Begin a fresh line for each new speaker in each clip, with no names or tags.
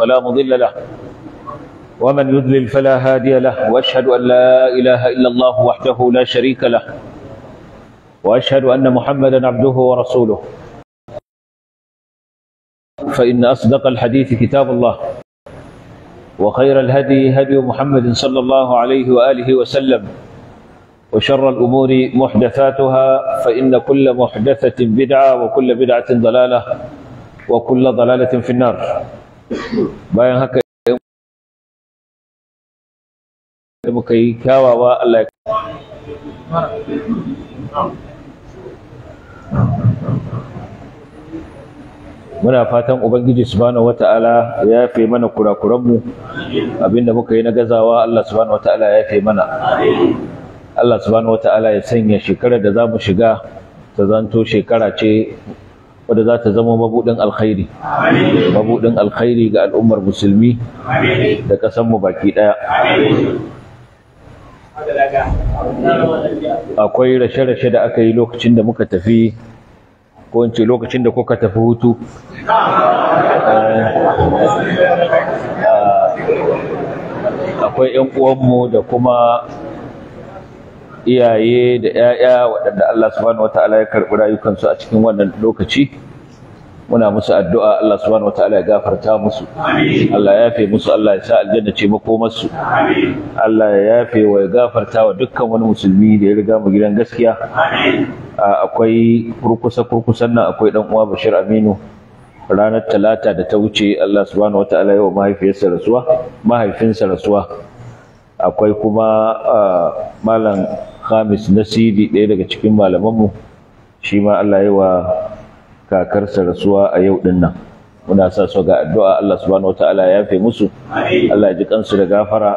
فلا مضل له ومن يضلل فلا هادي له واشهد ان لا اله الا الله وحده لا شريك له واشهد ان محمدا عبده ورسوله فان اصدق الحديث كتاب الله وخير الهدي هدي محمد صلى الله عليه واله وسلم وشر الامور محدثاتها فان كل محدثه بدعه وكل بدعه ضلاله وكل ضلاله في النار bayan haka da muka yi kyawawa Allah ya muna fatan ubangiji subhanahu wataala ya yafe mana kurakuranmu abinda muka yi na gazawa Allah subhanahu wataala ya yafe mana Allah subhanahu wataala ya sanya shekarar da za mu shiga ta zanto shekara ce wadda za ta zama mabuɗin alkhairi mabuɗin alkhairi ga al'ummar musulmi da ƙasarmu baki ɗaya akwai rashe-rashe da aka yi lokacin da muka tafi ko in ce lokacin da kuka tafi hutu eh, akwai 'yan uwanmu da kuma iyaye da 'ya'ya waɗanda Allah subhanahu wataala ya karɓi rayukansu a cikin wannan lokaci muna musu addu'a Allah subhanahu wataala ya gafarta musu Allah ya yafe musu Allah ya sa aljanna ce makomarsu Allah ya yafe wa ya gafarta wa dukkan wani musulmi da ya riga mu gidan gaskiya akwai kurkusa kurkusan nan akwai dan uwa Bashir Aminu ranar talata da ta wuce Allah subhanahu wataala ya wa mahaifiyarsa rasuwa mahaifinsa rasuwa akwai kuma malam khamis nasiri ɗaya daga cikin malamanmu shi ma Allah yi wa kakarsa rasuwa a yau din nan muna sa su ga addu'a Allah subhanahu wataala ya yafe musu Allah ya ji kansu da gafara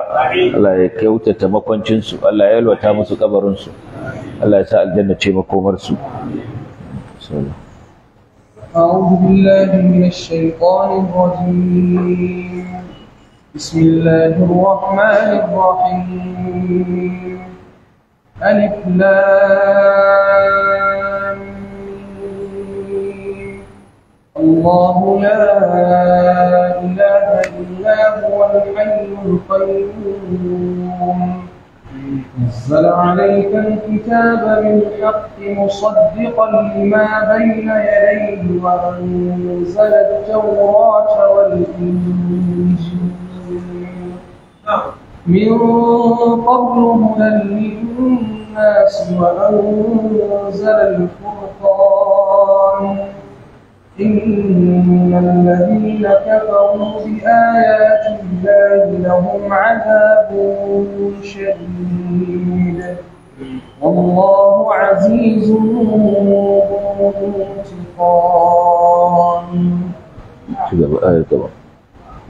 Allah ya kyautata makwancinsu. su Allah ya yalwata musu kabarin su Allah ya sa aljanna ce makomar su
أعوذ بالله من الشيطان الرجيم بسم الله الرحمن الرحيم ألف الله لا إله إلا هو الحي القيوم نزل عليك الكتاب بالحق مصدقا لما بين يديه وأنزل التوراة والإنجيل نعم. من قبل هدى للناس وأنزل الفرقان إن الذين كفروا بآيات الله لهم عذاب شديد والله عزيز ذو انتقام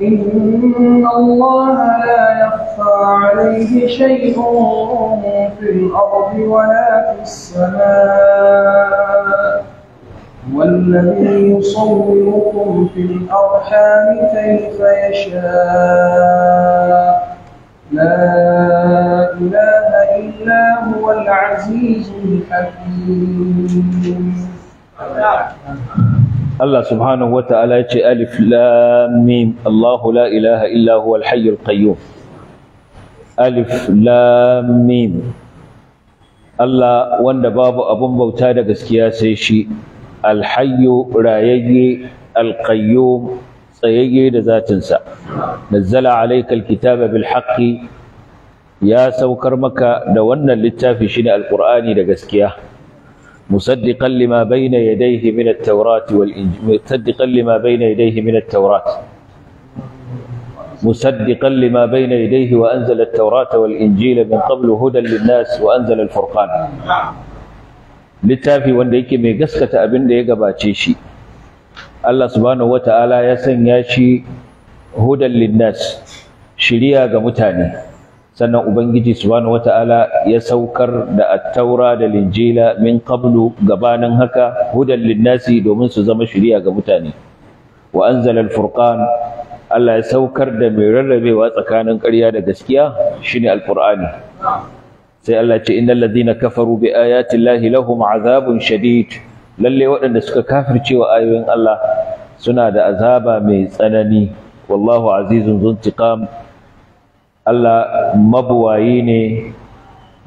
إن الله لا يخفى عليه شيء في الأرض ولا في السماء والذي يصوركم في الأرحام كيف يشاء لا إله إلا هو العزيز الحكيم
Allah subhanahu wata'ala ya ce alif lam mim Allahu la ilaha illa huwa al-hayyul qayyum alif lam mim Allah wanda babu abun bauta da gaskiya sai shi al-hayyu rayayye al-qayyum tsayayye da zatinsa nazzala alayka al-kitaba bil haqqi ya saukar maka da wannan littafi shine al-qur'ani da gaskiya مصدقا لما بين يديه من التوراة والإنجيل مصدقا لما بين يديه من التوراة مصدقا لما بين يديه وأنزل التوراة والإنجيل من قبل هدى للناس وأنزل الفرقان لتافي wanda yake mai أبن abin da ya gabace shi Allah subhanahu wata'ala ya sanya shi sannan ubangiji subhanahu wataala ya saukar da attaura da linjila min qablu gabanin haka hudan linnasi domin su zama shiriya ga mutane wa anzala alfurqan Allah ya saukar da mai rarrabewa tsakanin ƙarya da gaskiya shine alqur'ani sai Allah ce innal ladhina kafaru bi ayati llahi lahum azabun shadid lalle waɗanda suka kafirce wa ayoyin Allah suna da azaba mai tsanani wallahu azizun zuntiqam Allah mabuwayi ne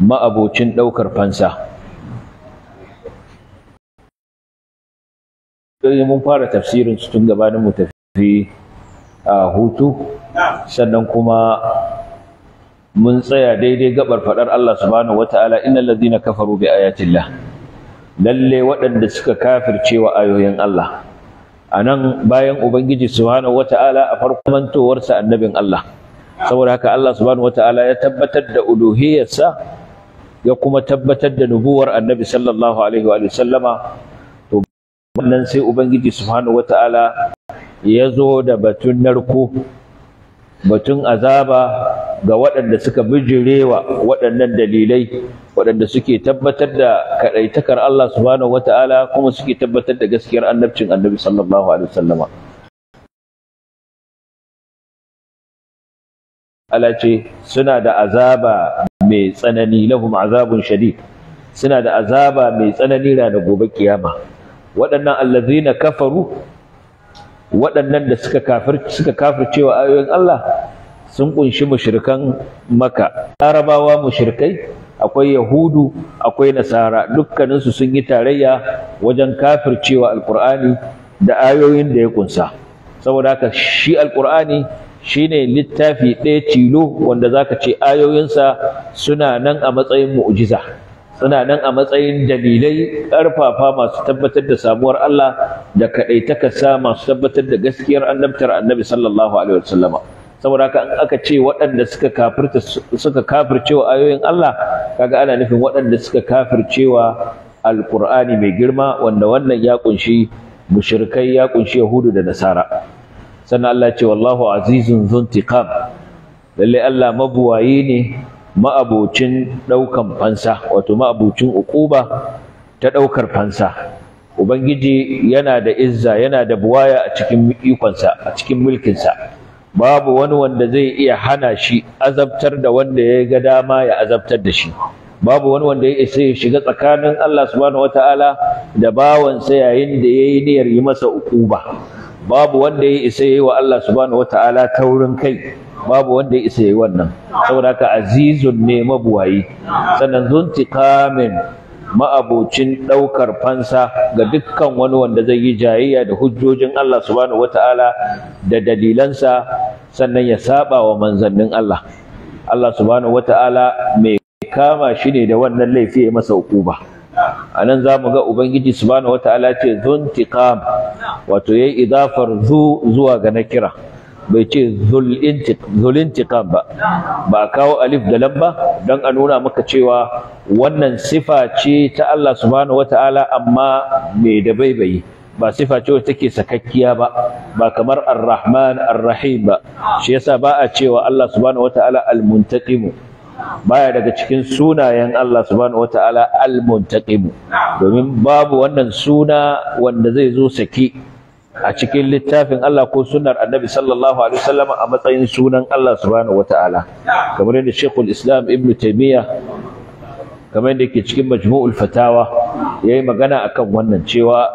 ma'abocin ɗaukar fansa mun fara tafsirin su tun gabanin mu tafi a hutu sannan kuma mun tsaya daidai gabar faɗar Allah subhanahu wataala innal ladina kafaru bi ayatillah lalle waɗanda suka kafirce wa ayoyin Allah a nan bayan ubangiji subhanahu wataala a farkon mantowarsa annabin Allah saboda haka Allah subhanahu wataala ya tabbatar da uluhiyarsa ya kuma tabbatar da nubuwar annabi sallallahu alaihi wa sallama to wannan sai ubangiji subhanahu wataala ya zo da batun narko batun azaba ga waɗanda suka bijirewa waɗannan dalilai waɗanda suke tabbatar da kaɗaitakar Allah subhanahu wataala kuma suke tabbatar da gaskiyar annabcin annabi sallallahu alaihi wasallama alace ce suna da azaba mai tsanani lahum azabun shadid suna da azaba mai tsanani ranar gobe kiyama waɗannan allazina kafaru waɗannan da suka kafir suka kafircewa ayoyin Allah sun kunshi mushrikan maka arabawa mushrikai akwai yahudu akwai nasara dukkaninsu sun yi tarayya wajen kafircewa alqur'ani da ayoyin da ya kunsa saboda haka shi alqur'ani shine littafi ɗaya tilo wanda zaka ce ayoyinsa suna nan a matsayin mu'jiza suna nan a matsayin dalilai ƙarfafa masu tabbatar da samuwar Allah da kaɗaitakarsa masu tabbatar da gaskiyar annabtar annabi sallallahu alaihi wasallama saboda haka in aka ce waɗanda suka kafirta suka kafircewa ayoyin Allah kaga ana nufin waɗanda suka kafircewa alƙur'ani mai girma wanda wannan ya ƙunshi mushrikai ya ƙunshi yahudu da nasara sannan Allah ce wallahu azizun zuntiqam lalle Allah mabuwaye ne ma'abocin ɗaukan fansa wato ma'abocin uquba ta ɗaukar fansa ubangiji yana da izza yana da buwaya a cikin ikonsa a cikin mulkinsa babu wani wanda zai iya hana shi azabtar da wanda ya ga dama ya azabtar da shi babu wani wanda ya isa ya shiga tsakanin Allah subhanahu wataala da bawansa yayin da yayi niyyar yi masa uquba babu wanda ya isa yayi wa Allah subhanahu wataala taurin kai babu wanda ya isa yayi wannan saboda haka azizun ne mabuwayi sannan zuntiqamin ma'abocin ɗaukar fansa ga dukkan wani wanda zai yi jayayya da hujjojin Allah subhanahu wata'ala da dalilansa sannan ya saba wa manzannin Allah Allah subhanahu wata'ala mai kama shi ne da wannan laifi ya masa hukuma a nan za mu ga ubangiji subhanahu ta'ala ce zun tiqam wato yayi idafar zu zuwa ga nakira bai ce zul intiqam ba ba kawo alif da lam ba a nuna maka cewa wannan sifa ce ta Allah subhanahu ta'ala amma mai da baibayi ba sifa ce wacce take sakakkiya ba ba kamar arrahman rahman ar ba shi yasa ba a cewa Allah subhanahu ta'ala al-muntaqimu baya daga cikin sunayen Allah subhanahu wataala al-muntaqim domin babu wannan suna wanda zai zo saki a cikin littafin Allah ko sunnar Annabi sallallahu alaihi wasallam a matsayin sunan Allah subhanahu wataala kamar yadda Sheikhul Islam Ibn Taymiyyah kamar yadda yake cikin Majmu'ul Fatawa yayi magana akan wannan cewa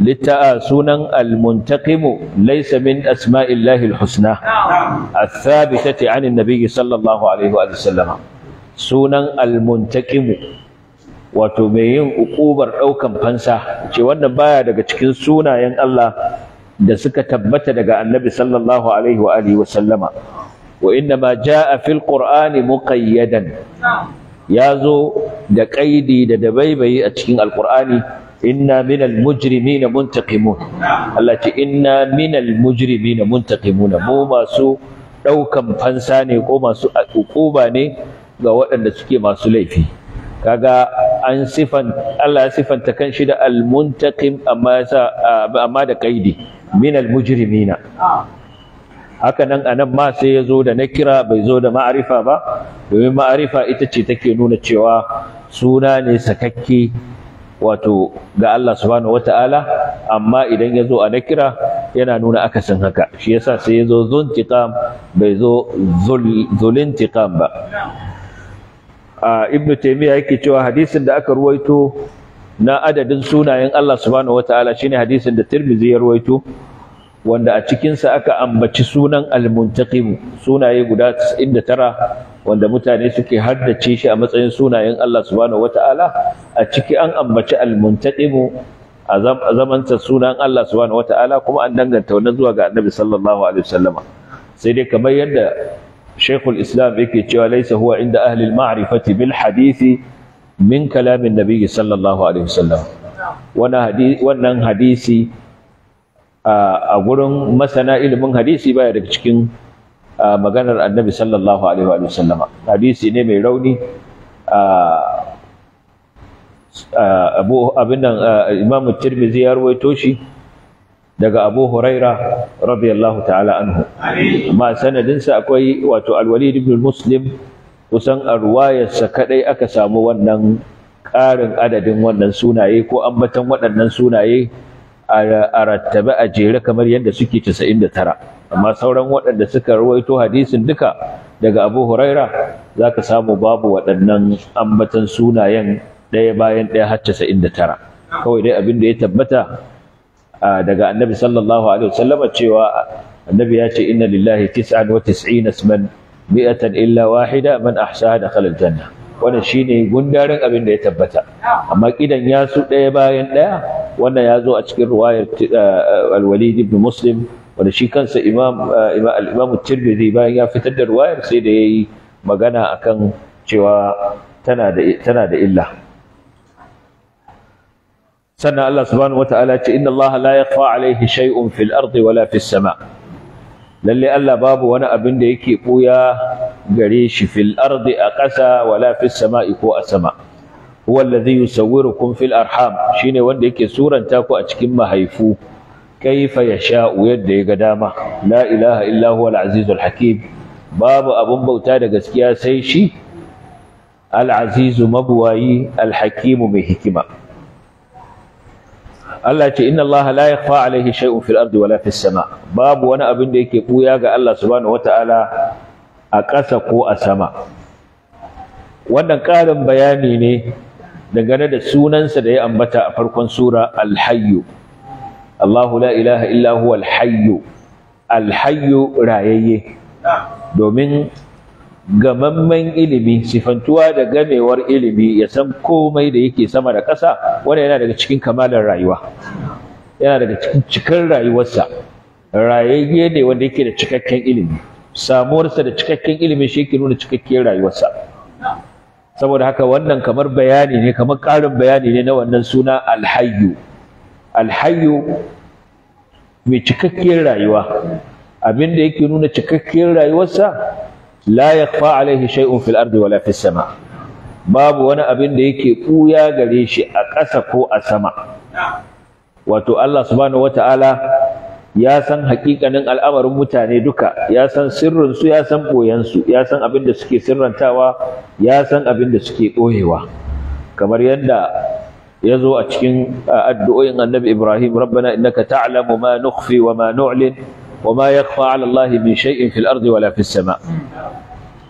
litta'a sunan al-muntaqimu laysa min asma'illahi al-husna al-thabitati 'an sunan al wato mai yin ukubar ɗaukan fansa ce wannan baya daga cikin sunayen Allah da suka tabbata daga annabi sallallahu alaihi wa alihi wa sallama wa inna ma jaa fil ya zo da ƙaidi da dabaibayi a cikin alƙur'ani inna minal mujrimina muntaqimun Allah ce inna minal mujrimina muntaqimun mu masu daukan fansa ne ko masu hukuma ne ga waɗanda suke masu laifi kaga an sifan Allah ya sifanta kan shi da al-muntaqim amma yasa amma da kaidi minal mujrimina haka nan anan ma sai ya zo da nakira bai zo da ma'arifa ba domin ma'arifa ita ce take nuna cewa suna ne sakakke wato ga Allah subhanahu wata'ala amma idan ya zo a nakira yana nuna akasin haka shi yasa sai ya zo zuntiqam bai zo zulintiqam ba A ibn taymiya yake cewa hadisin da aka ruwaito na adadin sunayen Allah subhanahu wataala shine hadisin da Tirmidhi ya ruwaito wanda a cikinsa aka ambaci sunan al-muntaqim sunaye guda 99 wanda mutane suke haddace shi a matsayin sunayen Allah subhanahu wata'ala a ciki an ambaci al-muntaqimu a zamanta sunan Allah subhanahu wata'ala kuma an danganta wannan zuwa ga Annabi sallallahu alaihi wasallama sai dai kamar yadda Sheikhul Islam yake cewa laisa huwa inda ahli al-ma'rifati bil hadisi min kalamin Nabi sallallahu alaihi wasallam wannan hadisi a gurin masana ilimin hadisi baya daga cikin maganar annabi sallallahu alaihi wa sallama hadisi ne mai rauni abu nan imamu tirmizi ya ruwaito shi daga abu huraira radiyallahu ta'ala anhu amma sanadinsa akwai wato alwalid ibn muslim kusan a ruwayarsa kadai aka samu wannan ƙarin adadin wannan sunaye ko ambatan waɗannan sunaye a rattabe a jere kamar yadda suke 99 amma sauran waɗanda suka ruwaito hadisin duka daga abu huraira za ka samu babu waɗannan ambatan sunayen ɗaya bayan ɗaya har casa'in tara kawai dai abin da ya tabbata daga annabi sallallahu alaihi wasallama cewa annabi ya ce inna lillahi tis'an wa tis'ina isman mi'atan illa wahida man ahsaha dakhala aljanna wannan shine gundarin abin da ya tabbata amma kidan yasu ɗaya bayan ɗaya wannan ya zo a cikin riwayar al-walid ibn muslim wanda shi kansa imam uh, al tirmidhi bayan ya fitar da ruwayar sai da yayi magana akan cewa tana da illa sannan Allah subhanahu wataala ce inna Allah la yakhfa alayhi shay'un fil ardi wala fis sama lalle Allah babu wani abin da yake buya gare shi fil ardi a ƙasa wala fis sama'i ko a sama' huwa alladhi yusawwirukum fil arham shine wanda yake suranta ku a cikin mahaifu kaifa yasha'u yadda ya ga dama la ilaha illa huwa al hakim babu abun bauta da gaskiya sai shi al-azizu mabwayi al-hakimu mai hikima Allah ce inna Allah la yakhfa alayhi shay'un fil ardi wala fis babu wani abin da yake buya ga Allah subhanahu wataala a ƙasa ko a sama wannan ƙarin bayani ne dangane da sunansa da ya ambata a farkon sura Alhayyu. Allahu la ilaha illa huwa alhayyu alhayyu rayayye domin gamamman ilimi sifantuwa da gamewar ilimi ya san komai da yake sama da ƙasa wanda yana daga cikin kamalar rayuwa yana daga cikin cikar rayuwarsa rayayye ne wanda yake da cikakken ilimi samuwarsa da cikakken ilimi shi yake nuna cikakken rayuwarsa saboda haka wannan kamar bayani ne kamar ƙarin bayani ne na wannan suna alhayyu Alhayu mai cikakkiyar rayuwa abin da yake nuna cikakkiyar rayuwarsa la alaihi shay'un fil ardi wala fis sama babu wani abin da yake kuya gare shi a ƙasa ko a sama wato Allah subhanahu wata'ala ya san hakikanin al'amarin mutane duka ya san sirrinsu ya san ɓoyensu ya san abin da suke sirrantawa ya san abin da suke ɓoyewa kamar yadda ya zo a cikin addu’o’in annabi Ibrahim, Rabbana inna ka ta’alamu ma nufi wa ma nu’alin wa ma ya min shai’in fil ardi wa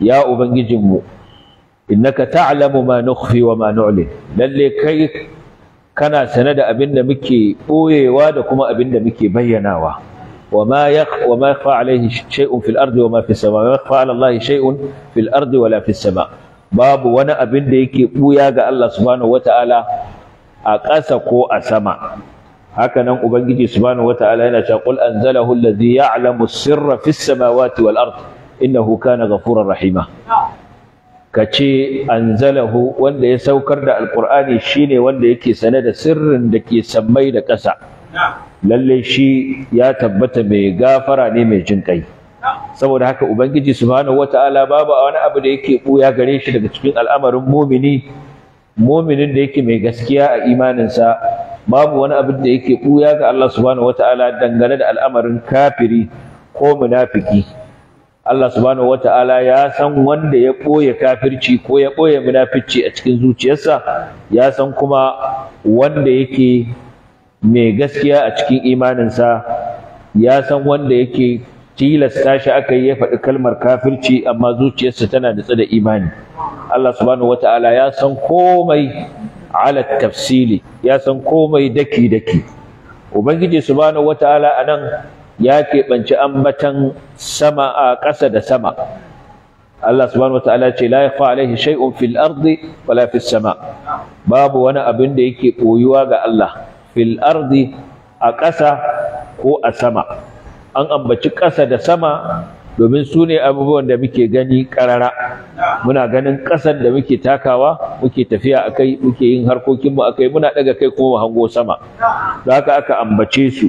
Ya Ubangijinmu, inna ka ta’alamu ma nufi wa ma nu’alin, lalle kai kana sane da abin da muke ɓoyewa da kuma abin da muke bayyanawa. Wa ma ya fa’ala shai’un fil ardi wa ma fi sama, ya shai’un fil ardi wa Babu wani abin da yake ɓuya ga Allah subhanahu wa ta’ala a ƙasa ko a sama haka nan ubangiji subhanahu wataala yana cewa qul anzalahu allazi ya'lamu sirra fis samawati wal ard innahu kana ghafurar rahima kace anzalahu wanda ya saukar da alqur'ani shine wanda yake sane da sirrin da ke sammai da ƙasa lalle shi ya tabbata mai gafara ne mai jin kai saboda haka ubangiji subhanahu wataala babu wani abu da yake buya gare shi daga cikin al'amarin mumini muminin da yake mai gaskiya a imaninsa babu wani abin da yake ɓuya ga Allah subhanahu wata'ala dangane da al'amarin kafiri ko munafiki Allah subhanahu wata'ala ya san wanda ya ɓoye kafirci ko ya ɓoye munafici a cikin zuciyarsa ya san kuma wanda yake mai gaskiya a cikin imaninsa ya san wanda yake tilasta shi aka yi ya faɗi kalmar kafirci amma zuciyarsa tana da tsada imani Allah subhanahu wata'ala ya san komai ala tafsili ya san komai daki daki ubangiji subhanahu wata'ala anan ya keɓanci ambatan sama a ƙasa da sama Allah subhanahu wata'ala ce la yakhfa alaihi shay'un fil ardi wala fis sama babu wani abin da yake boyuwa ga Allah fil ardi a ƙasa ko a sama an ambaci ƙasa da sama domin su ne abubuwan da muke gani ƙarara muna ganin ƙasar da muke takawa muke tafiya a kai muke yin harkokinmu a kai muna ɗaga kai kuma hango sama da haka aka ambace su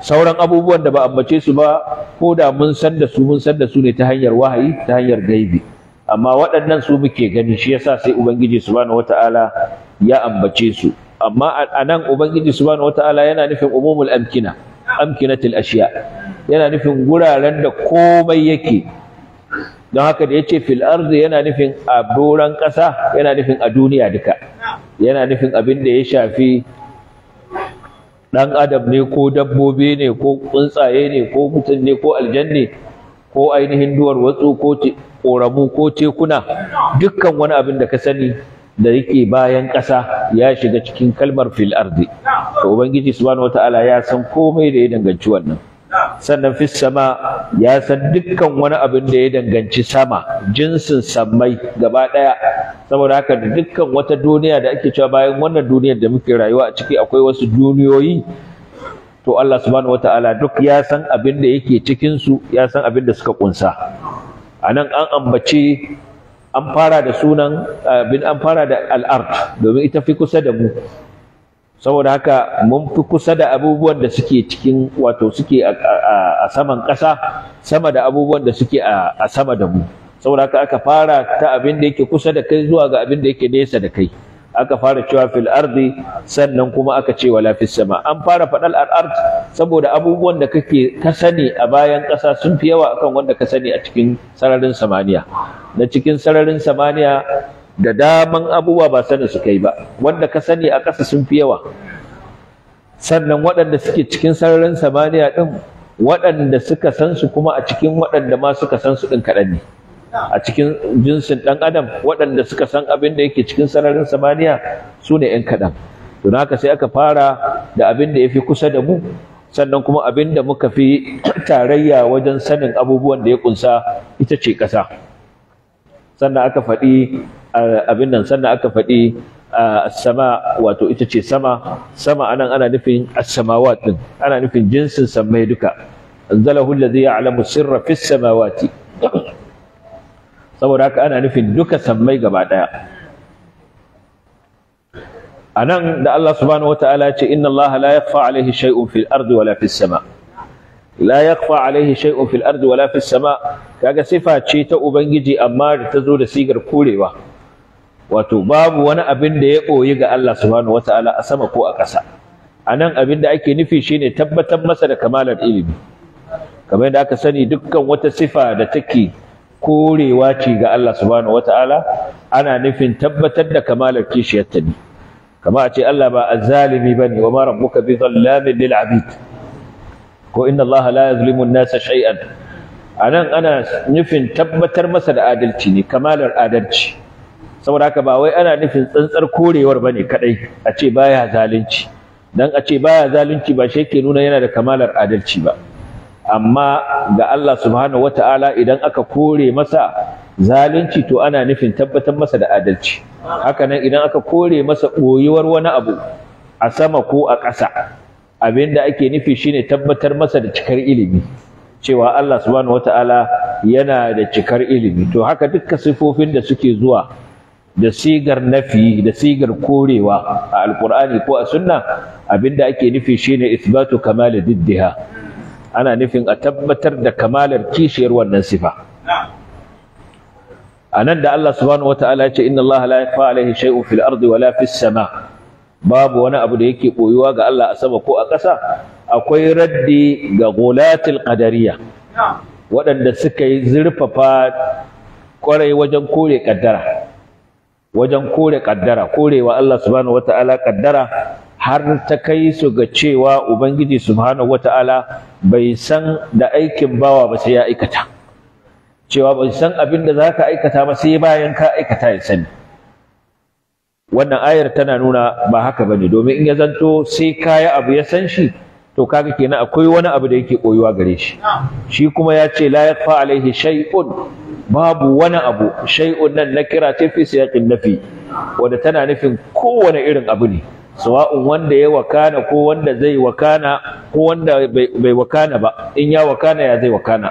sauran abubuwan da ba ambace su ba ko da mun san da su mun san da su ne ta hanyar wahayi ta hanyar gaibi amma waɗannan su muke gani shi yasa sai ubangiji subhanahu wata'ala ya ambace su amma a nan ubangiji subhanahu wata'ala yana nufin umumul amkina amkinatil ashiya yana nufin guraren da komai yake don haka da yace fil ardi yana nufin a doran ƙasa yana nufin a duniya duka yana nufin abin da ya shafi dan adam ne ko dabbobi ne ko tsuntsaye ne ko mutum ne ko aljanne ko ainihin duwar watsu ko ƙoramu ko tekuna dukkan wani abin da ka sani da yake bayan ƙasa ya shiga cikin kalmar fil ardi to ubangiji subhanahu wataala ya san komai da ya danganci wannan sannan fis sama ya san dukkan wani abin da ya danganci sama jinsin sammai gaba ɗaya saboda haka dukkan wata duniya da ake cewa bayan wannan duniyar da muke rayuwa a ciki akwai wasu duniyoyi to Allah subhanahu wataala duk ya san abin da yake cikin su ya san abin da suka kunsa anan an ambaci an fara da sunan eh, bin an fara da al'ard domin ita fi kusa da mu saboda haka mun fi kusa da abubuwan da suke cikin wato suke a saman ƙasa sama da abubuwan da suke a sama da mu saboda haka aka fara ta abin da yake kusa da kai zuwa ga abin da yake nesa da kai aka fara cewa fil ardi sannan kuma aka ce wala fis sama an fara faɗal al ard saboda abubuwan da kake ka sani a bayan ƙasa sun fi yawa akan wanda ka sani a cikin sararin samaniya na cikin sararin samaniya da daman abubuwa ba sanin su kai ba wanda ka sani a ƙasa sun fi yawa sannan waɗanda suke cikin sararin samaniya din, waɗanda suka san su kuma a cikin waɗanda ma suka san su ɗin kaɗan ne a cikin jinsin ɗan adam waɗanda suka san abin da yake cikin sararin samaniya su ne ‘yan kaɗan don haka sai aka fara da abin da ya fi kusa da mu sannan kuma abin da muka fi tarayya wajen sanin abubuwan da ya ƙunsa, ita ce ƙasa sannan aka faɗi abin nan sannan aka faɗi a sama wato ita ce sama sama anan ana nufin as-samawat din ana nufin jinsin sammai duka anzalahu allazi ya'lamu sirra fis samawati saboda haka ana nufin duka sammai gaba daya anan da Allah subhanahu wataala ya ce inna Allah la yakhfa Alayhi shay'un fil ardi wala fis sama la yakhfa Alayhi shay'un fil ardi wala fis sama kaga sifa ce ta ubangiji amma da ta zo da sigar korewa wato babu wani abin da ya koyi ga Allah subhanahu wataala a sama ko a ƙasa anan abin da ake nufi shine tabbatar masa da kamalar ilimi kamar yadda aka sani dukkan wata sifa da take korewa ce ga Allah subhanahu wata'ala ana nufin tabbatar da kamalar kishiyarta ne kama a ce Allah ba azzalimi bane wa ma rabbuka bi zallamin lil abid ko inna Allah la yuzlimu an-nasa shay'an anan ana nufin tabbatar masa da adalci ne kamalar adalci saboda haka ba wai ana nufin tsantsar korewar bane kadai a ce baya zalunci dan a ce baya zalunci ba shi ke nuna yana da kamalar adalci ba amma ga Allah subhanahu wata'ala idan aka kore masa zalunci to ana nufin tabbatar masa da adalci hakanan idan aka kore masa ɓoyuwar wani abu a sama ko a ƙasa abinda ake nufi shine tabbatar masa da cikar ilimi cewa Allah subhanahu wata'ala yana da cikar ilimi to haka dukkan sifofin da suke zuwa da sigar nafi da sigar korewa a alkur'ani ko a sunna abinda ake nufi shine isbatu kamali diddiha ana nufin a tabbatar da kamalar kishiyar wannan sifa anan da Allah subhanahu wataala ya ce inna Allah la yakhfa alaihi shay'un fil ardi wala fis sama babu wani abu da yake koyuwa ga Allah a sama ko a ƙasa akwai raddi ga gulatul kadariya. waɗanda suka yi zurfafa kwarai wajen kore kaddara wajen kore kaddara korewa Allah subhanahu ta'ala kaddara har ta kai su ga cewa ubangiji subhanahu ta'ala. bai san da aikin bawa ba sai ya aikata cewa bai san abin da za ka aikata ba sai bayan ka aikata ya sani wannan ayar tana nuna ba haka ba ne, domin in ya zanto sai kaya abu ya san shi to kaga kenan akwai wani abu da yake koyuwa gare shi shi kuma ya ce la yakfa alaihi shay'un babu wani abu shay'un nan na kira ta fi siyaqin nafi wanda tana nufin kowane irin abu ne sawa'un wanda ya wakana ko wanda zai wakana ko wanda bai wakana ba in ya wakana ya zai wakana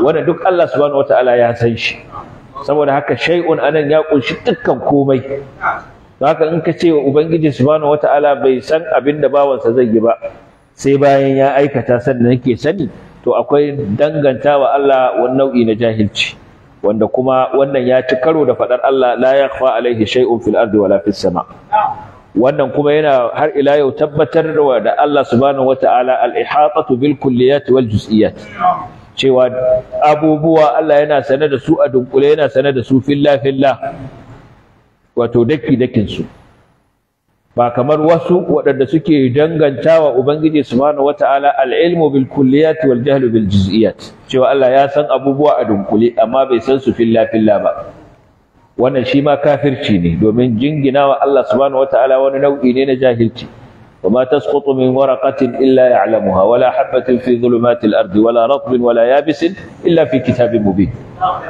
wanda duk Allah subhanahu wataala ya san shi saboda haka shay'un anan ya kunshi dukkan komai haka in ka ce wa ubangiji subhanahu wataala bai san abin da bawansa zai yi ba sai bayan ya aikata sannan yake sani to akwai dangantawa Allah wani nau'i na jahilci wanda kuma wannan ya ci karo da faɗar Allah la yakhfa alaihi shay'un fil ardi wala fis sama' wannan kuma yana har ila yau tabbatar da Allah subhanahu wata'ala al-ihatatu bil kulliyat wal juz'iyat cewa abubuwa Allah yana sane da su a dunkule yana sane da su filla filla wato daki dakin su ba kamar wasu waɗanda suke dangantawa ubangiji subhanahu wata'ala al-ilmu bil kulliyat wal jahlu bil juz'iyat cewa Allah ya san abubuwa a dunkule amma bai san su filla filla ba wannan shi ma kafirci ne domin jingina wa Allah subhanahu wataala wani nau'i ne na jahilci وما تسقط من ورقة إلا يعلمها ولا حبة في ظلمات الأرض ولا رطب ولا يابس إلا في كتاب مبين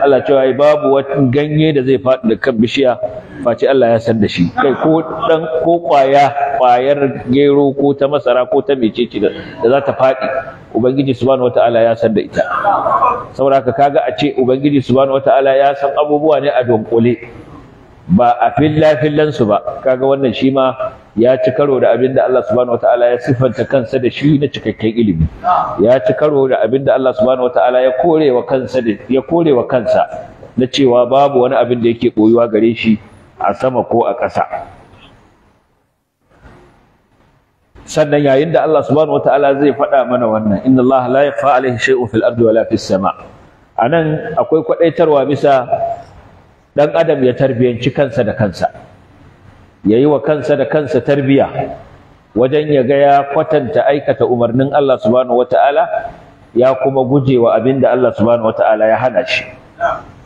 الله تعالى باب وتنجني ذي فات لكم بشيا face Allah ya san da shi kai ko dan ko kwaya kwayar gero ko ta masara ko ta mecece da za ta faɗi ubangiji subhanahu wataala ya san da ita saboda haka kaga a ce ubangiji subhanahu wataala ya san abubuwa ne a donkule ba a filla fillan su ba kaga wannan shi ma ya ci karo da abin da Allah subhanahu wataala ya sifanta kansa da shi na cikakken ilimi ya ci karo da abin da Allah subhanahu wataala ya kore wa kansa ya kore wa kansa na cewa babu wani abin da yake boyuwa gare shi a sama ko a ƙasa sannan yayin da Allah subhanahu wataala zai faɗa mana wannan inna Allah la yakhfa alayhi shay'un fil ardi wala fis sama anan akwai kwadaitarwa bisa dan adam ya tarbiyanci kansa da kansa yayi wa kansa da kansa tarbiya wajen ya ga ya kwatanta aikata umarnin Allah subhanahu wataala ya kuma guje wa abin Allah subhanahu wataala ya hana shi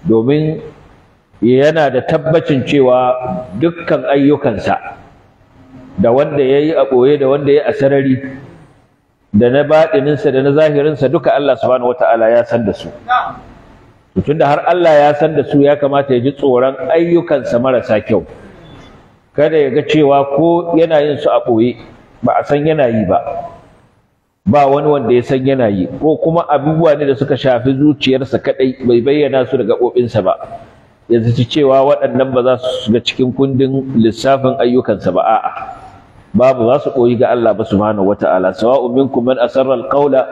domin yana da tabbacin cewa dukkan ayyukansa da wanda ya yi a ɓoye da wanda ya yi a sarari da na baɗininsa da na zahirinsa duka Allah subhanahu wata'ala ya san da su tun da har Allah ya san da su ya kamata ya ji tsoron ayyukansa marasa kyau kada ya ga cewa ko yana yin su a ɓoye ba a san yana yi ba ba wani wanda ya san yana yi ko kuma abubuwa ne da suka shafi zuciyarsa kaɗai bai bayyana su daga gaɓoɓinsa ba Yanzu zaci cewa waɗannan ba za su shiga cikin kundin lissafin ayyukansa ba a'a babu za su koyi ga Allah ba subhanahu wata'ala sawa'un minkum man asarra alqawla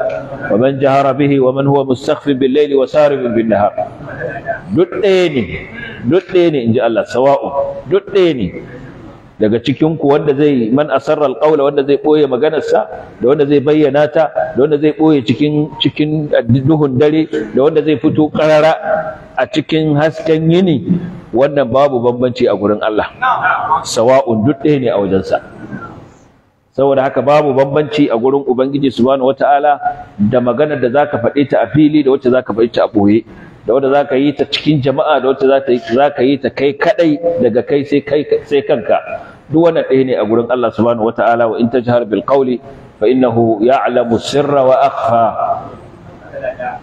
wa man jahara bihi wa man huwa mustakhfin bil layli wa saribin bin nahar duk ɗaya ne duk ɗaya ne inji Allah sawa'un duk ɗaya ne daga cikin ku wanda zai man asarra alqawla wanda zai ɓoye maganarsa da wanda zai bayyana ta da wanda zai boye cikin cikin duhun dare da wanda zai fito karara a cikin hasken yini wannan babu bambanci a gurin Allah sawa'un duk ɗaya ne a wajensa saboda haka babu bambanci a gurin ubangiji subhanahu wataala da maganar da zaka faɗe ta a fili da wacce zaka faɗe ta a boye da wanda zaka yi ta cikin jama'a da wanda zaka yi ta kai kadai daga kai sai kai sai kanka duk wannan ɗaya ne a gurin Allah subhanahu wata'ala wa in tajhar bil qawli fa innahu ya'lamu sirra wa akhfa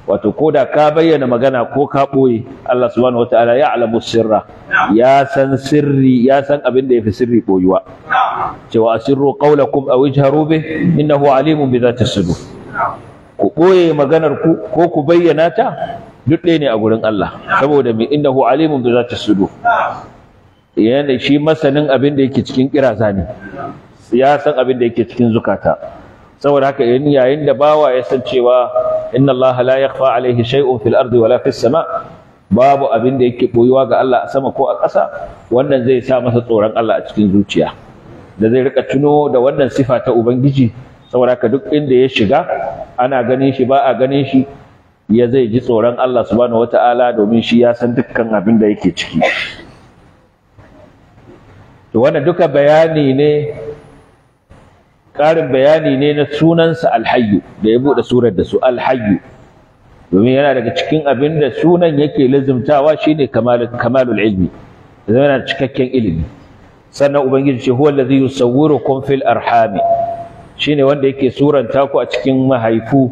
wato ko da ka bayyana magana ko ka ɓoye Allah subhanahu wata'ala ya'lamu sirra ya san sirri ya san abin da yafi sirri boyuwa cewa asirru qawlakum aw ijharu bih innahu alimun bi dhati sudur ku ɓoye maganar ku ko ku bayyana ta duk ɗaya ne a gurin Allah saboda mai innahu alimun bi zati sudur yana shi masanin abin da yake cikin kiraza ne ya san abin da yake cikin zukata saboda haka yayin da bawa ya san cewa inna Allah la yakhfa alaihi shay'un fil ardi wala fis sama babu abin da yake boyuwa ga Allah a sama ko a ƙasa wannan zai sa masa tsoron Allah a cikin zuciya da zai rika tuno da wannan sifa ta ubangiji saboda haka duk inda ya shiga ana ganin shi ba a ganin shi ya zai ji tsoron Allah subhanahu wataala domin shi ya san dukkan abin da yake ciki to wannan duka bayani ne ƙarin bayani ne na sunansa alhayyu da ya buɗe surar da su alhayyu domin yana daga cikin abin da sunan yake lazumtawa shine kamalul ilmi zama yana cikakken ilimi sannan ubangiji ce huwa allazi yusawwirukum fil arhami shine wanda yake suranta ku a cikin mahaifu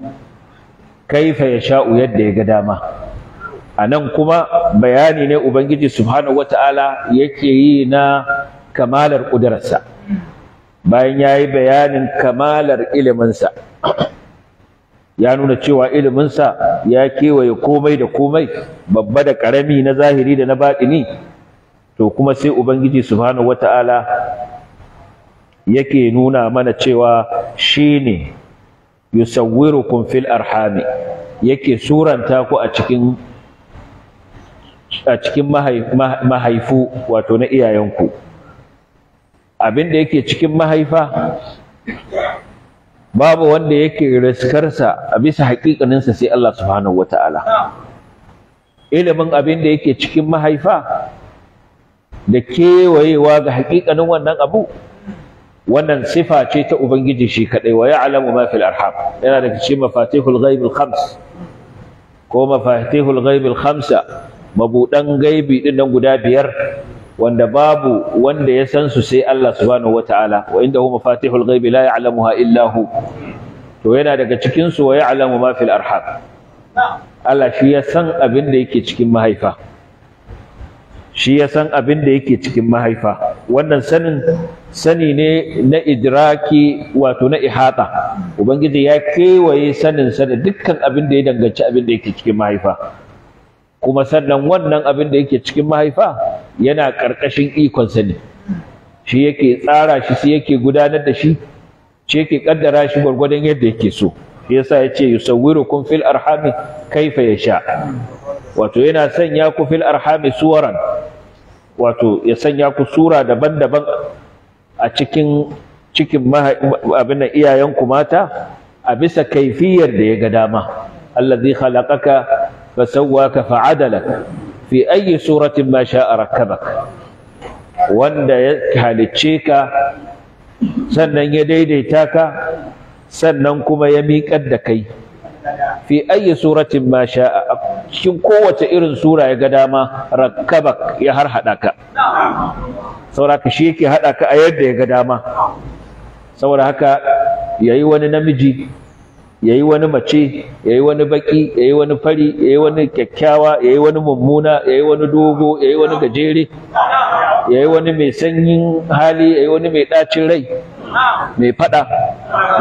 kaifa yasha'u yadda ya ga dama a nan kuma bayani ne ubangiji subhanahu wata'ala yake yi na kamalar ƙudurarsa bayan ya yi bayanin kamalar iliminsa ya nuna cewa iliminsa ya kewaye komai da komai babba da ƙarami na zahiri da na baɗini to kuma sai ubangiji subhanahu wata'ala yake nuna mana cewa shi ne yusawwirukum fil arhami yake suranta ku a cikin a cikin mahaifu wato na iyayenku abin da yake cikin mahaifa babu wanda yake riskarsa a bisa haƙiƙaninsa sai Allah subhanahu wata'ala ilimin abin da yake cikin mahaifa da kewayewa ga haƙiƙanin wannan abu wannan sifa ce ta ubangiji shi kadai wa ya'lamu ma fil arham yana daga cikin mafatihul ghaibul khams ko mafatihul ghaibul khamsa mabudan gaibi din nan guda biyar wanda babu wanda ya san su sai Allah subhanahu wataala wa indahu mafatihul ghaibi la ya'lamuha illa hu to yana daga cikin su wa ya'lamu ma fil arham Allah shi ya san abin da yake cikin mahaifa shi ya san abin da yake cikin mahaifa wannan sanin sani ne na idraki wato na ihata ubangiji ya kewaye sanin sa da dukkan abin da ya danganci abin da yake cikin mahaifa kuma sannan wannan abin da yake cikin mahaifa yana ƙarƙashin ikonsa ne shi yake tsara shi sai yake gudanar da shi shi yake ƙaddara shi gwargwadon yadda yake so shi yasa ya ce yusawwirukum fil arhami kaifa yasha wato yana sanya ku fil arhami suwaran wato ya sanya ku sura daban-daban a cikin cikin abin iyayenku mata a bisa kaifiyar da ya ga dama allazi khalaqaka فسواك فعدلك في أي سورة ما شاء ركبك wanda ya halicce ka sannan ya daidaita ka sannan kuma ya miƙar da kai fi ayyi suratin ma sha'a cikin kowace irin sura ya ga dama rakkabak ya har haɗa ka ka shi yake haɗa ka a yadda ya ga dama saboda haka yayi wani namiji yayi wani mace yayi wani baki yayi wani fari yayi wani kyakkyawa yayi wani mummuna yayi wani dogo yayi wani gajere yayi wani mai sanyin hali yayi wani mai ɗacin rai mai faɗa,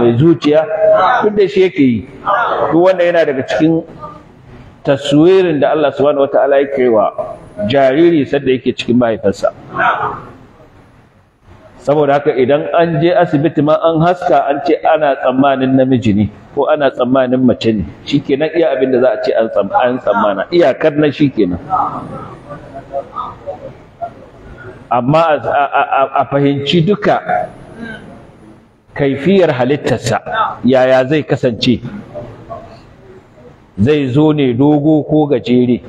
mai zuciya duk da shi yake yi duk wanda yana daga cikin taswirin da Allah subhanahu wataala yake wa jariri da yake cikin mahaifarsa saboda haka idan an je asibiti ma an haska an ce ana tsammanin namiji ne ko ana tsammanin mace ne shikenan iya abin da za a ce an tsammana iyakar na shikenan amma a fahimci duka kaifiyar halittarsa yaya zai kasance zai zo ne dogo ko gajere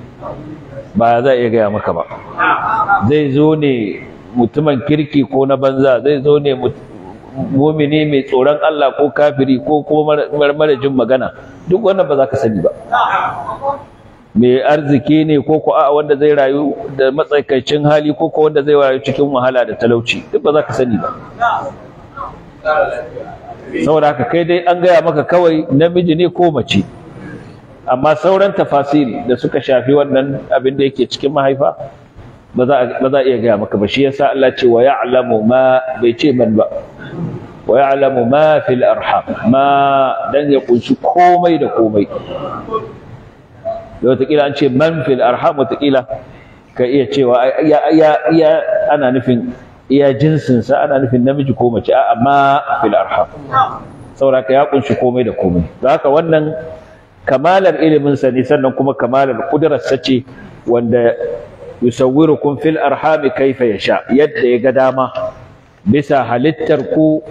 ba za a iya gaya maka ba zai zo ne mutumin kirki ko na banza zai zo ne mutum mumini mai tsoron Allah ko kafiri ko kuma mara jin magana duk wannan ba za ka sani ba mai arziki ne ko ko a wanda zai rayu da matsakaicin hali ko ko wanda zai rayu cikin wahala da talauci duk ba za ka sani ba saboda haka kai dai an gaya maka kawai namiji ne ko mace amma sauran tafasiri da suka shafi wannan abin da yake cikin mahaifa ba za a iya gaya maka ba shi yasa Allah ce wa ya'lamu ma bai ce man ba wa ya'lamu ma fil arham ma dan ya kunshi komai da komai da wataƙila an ce man fil arham wataƙila ka iya cewa ya ana nufin iya jinsinsa ana nufin namiji ko mace a amma fil arham saboda ka ya kunshi komai da komai don haka wannan kamalar iliminsa ne sannan kuma kamalar kudurarsa ce wanda يصوركم في الأرحام كيف يشاء يد قدامة بسا هلتركو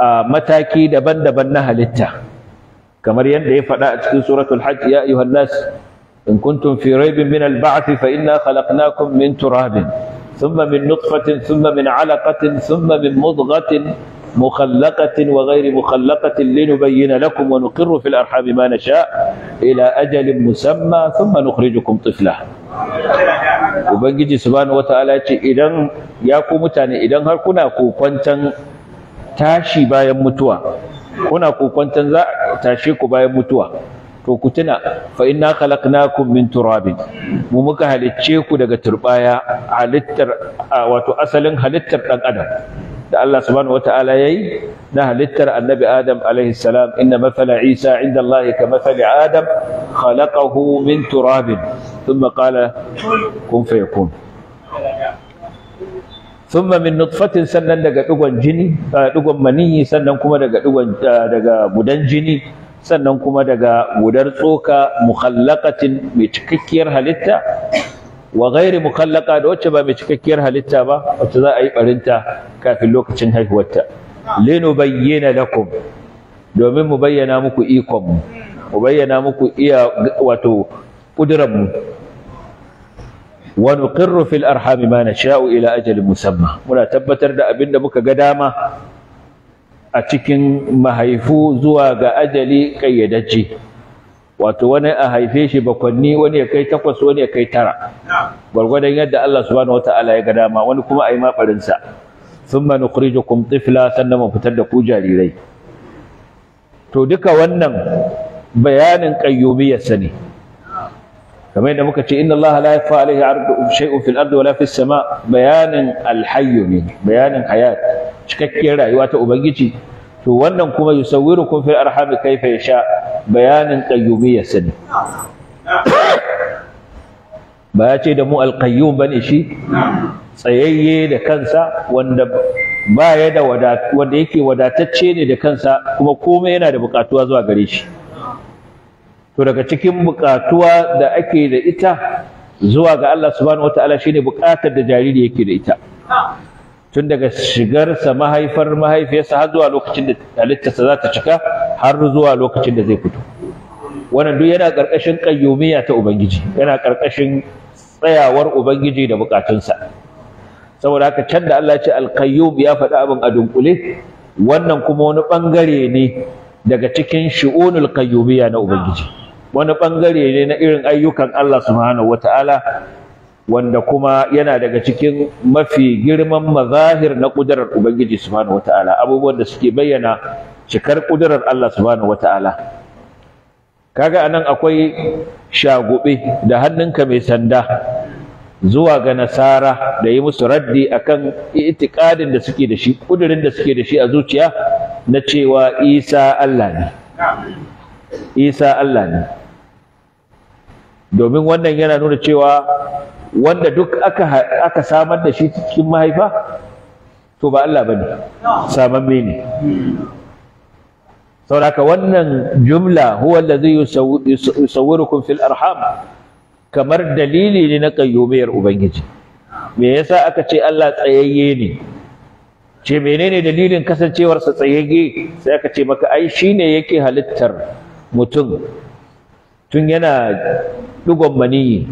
آه، متاكي دبن دبن هلتا كما يندي فدأت في سورة الحج يا أيها الناس إن كنتم في ريب من البعث فإنا خلقناكم من تراب ثم من نطفة ثم من علقة ثم من مضغة مخلقة وغير مخلقة لنبين لكم ونقر في الأرحام ما نشاء إلى أجل مسمى ثم نخرجكم طفلاً ubangiji subhanahu wataala ce idan ya ku mutane idan har kuna kokwantan tashi bayan mutuwa kuna kokwantan za a tashe ku bayan mutuwa to ku tuna fa inna khalaqnakum min turabin mu muka halicce ku daga turbaya halittar wato asalin halittar dan adam da Allah subhanahu wata'ala yayi na halittar annabi Adam alaihi salam inna mathala Isa inda Allah ka mathali Adam khalaqahu min turabin thumma qala kun fayakun thumma min nutfatin sannan daga digon jini maniyi sannan kuma daga daga gudan jini sannan kuma daga gudar tsoka mukhallaqatin mai cikakkiyar halitta wa ghairi mukallaka da wacce ba mai cikakkiyar halitta ba wacce za a yi barinta kafin lokacin haihuwarta bayyana lakum domin mu bayyana muku ikon mu mu bayyana muku iya wato kudurar mu wa nuqirru fil arhami ma nasha'u ila ajalin musamma muna tabbatar da abin da muka ga dama a cikin mahaifu zuwa ga ajali kayyadajje wato wani a haife shi bakwanni wani ya kai takwas wani ya kai tara gwargwadon yadda Allah subhanahu wataala ya ga dama wani kuma a yi maɓarin sa thumma kum tifla sannan mu fitar da ku jarirai to duka wannan bayanin qayyumiyyar sa ne kamar yadda muka ce inna Allah la yakhfa alayhi shay'un fil ardi wala fis sama bayanin al bayanin hayat cikakkiyar rayuwa ta ubangiji to wannan kuma yusawwirukum fil arham kayfa yasha bayanin qayyumiyyah sani ba ya ce da mu al-qayyum bane shi tsayayye da kansa wanda ba ya da wanda yake wadatacce ne da kansa kuma komai yana da bukatuwa zuwa gare shi to daga cikin bukatuwa da ake da ita zuwa ga Allah subhanahu wataala shine bukatar da jariri yake da ita tun daga shigarsa mahaifar mahaifiyarsa har zuwa lokacin da halittarsa za ta cika har zuwa lokacin da zai fito wannan duk yana ƙarƙashin ƙayyumiya ta ubangiji yana ƙarƙashin tsayawar ubangiji da buƙatunsa saboda haka can da Allah ya ce alqayyum ya faɗi abin a dunkule wannan kuma wani ɓangare ne daga cikin shi'unul ƙayyumiya na ubangiji wani ɓangare ne na irin ayyukan Allah subhanahu wataala wanda kuma yana daga cikin mafi girman mazahir na kudarar ubangiji subhanahu wataala abubuwan da suke bayyana cikar kudarar Allah subhanahu wataala kaga anan akwai shagube da hannunka mai sanda zuwa ga nasara da yi musu raddi akan itikadin da suke da shi kudirin da suke da shi a zuciya na cewa isa Allah ne isa Allah ne domin wannan yana nuna cewa wanda duk aka aka samar da shi cikin mahaifa to ba Allah bane me ne sauraka wannan jumla huwa allazi yusawwirukum fil arham kamar dalili ne na qayyumiyar ubangiji me yasa aka ce Allah tsayayye ne ce menene dalilin kasancewar sa tsayayye sai aka ce maka ai shine yake halittar mutum tun yana dugon maniyi